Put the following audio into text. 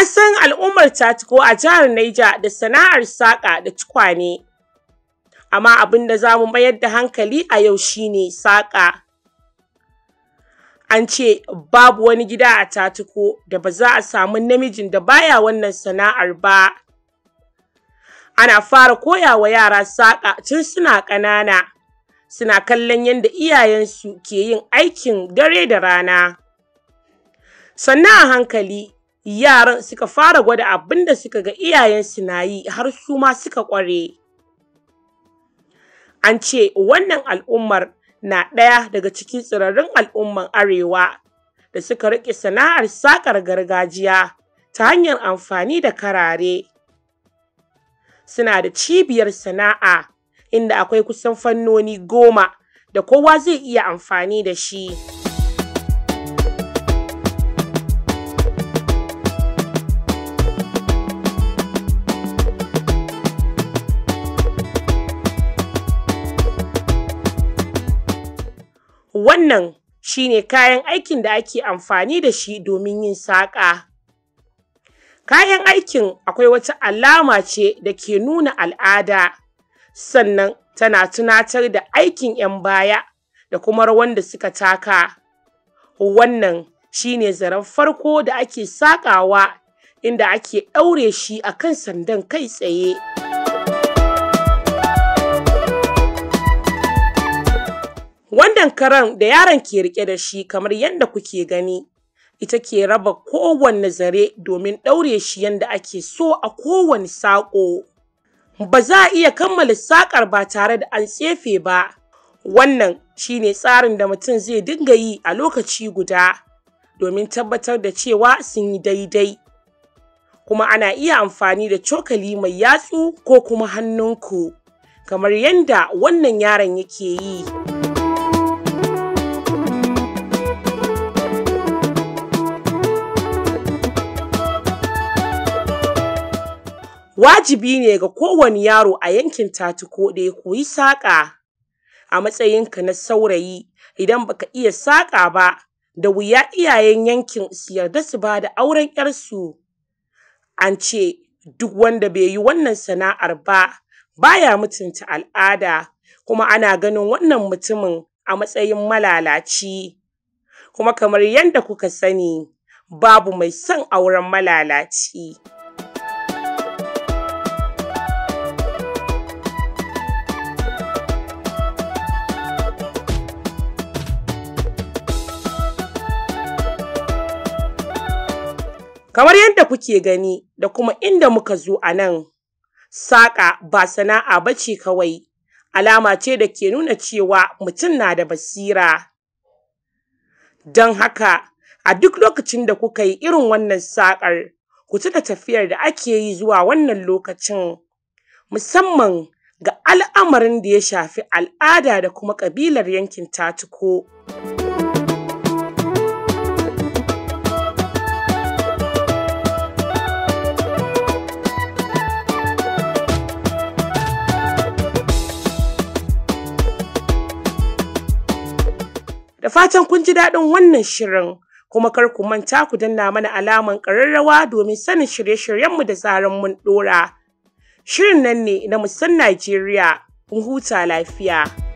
An san al'ummar Tatiko a jihar Naija da sana'ar saƙa da tukwane. Amma abin da za mu mayar da hankali a yau shine saƙa. An ce babu wani gida a catiko da ba za a samu namijin da baya wannan sana'ar ba. Ana fara koya wa yara saƙa tun suna ƙanana, suna kallon yadda iyayensu ke yin aikin dare da rana. Sannan a hankali yaran suka fara gwada abin da suka ga iyayensu na yi har su ma suka ƙware. An ce wannan al'ummar na ɗaya daga cikin tsirarrun al'umman Arewa da suka riƙe sana'ar saƙar gargajiya ta hanyar amfani da karare. Suna da cibiyar sana'a inda akwai kusan fannoni goma da kowa zai iya amfani da shi. Wannan shi ne kayan aikin da ake amfani da shi domin yin saƙa. Kayan aikin akwai wata alama ce da ke nuna al'ada, sannan tana tunatar da aikin ‘yan baya da kuma rawan da suka taka. Wannan shi ne zaren farko da ake saƙawa, inda ake ɗaure shi a kan sandan kai tsaye. Wannan karen da yaron ke riƙe da shi kamar yadda kuke gani, ita ke raba kowanne zare domin ɗaure shi yadda ake so a kowane saƙo. Ba za a iya kammala saƙar ba tare da an tsefe ba. Wannan shi ne tsarin da mutum zai dinga yi a lokaci guda domin tabbatar da cewa sun yi daidai. Kuma ana iya amfani da cokali mai yatsu ko kuma hannunku, kamar yadda wannan yaron yake yi. Wajibi ne ga kowane yaro a yankin Tatiko da ya koyi saƙa. A matsayinka na saurayi, idan baka iya saƙa ba, da wuya iyayen yankin su yarda su ba da auren 'yarsu. An ce duk wanda bai yi wannan sana'ar ba, baya mutunta al'ada, kuma ana ganin wannan mutumin a matsayin malalaci. Kuma kamar yadda kuka sani, babu mai son auren malalaci. Kamar yadda kuke gani da kuma inda muka zo a nan, saƙa ba sana'a ba ce kawai, alama ce da ke nuna cewa mutum na da basira. Don haka, a duk lokacin da kuka yi irin wannan saƙar, ku tuna tafiyar da ake yi zuwa wannan lokacin, musamman ga al'amarin da ya shafi al'ada da kuma ƙabilar yankin Tatuko. Da fatan kun ji daɗin wannan shirin, kuma kar ku manta ku danna mana alaman ƙararrawa domin sanin shirye-shiryenmu da tsarin mun ɗora. Shirin nan ne na musan Najeriya, kun huta lafiya.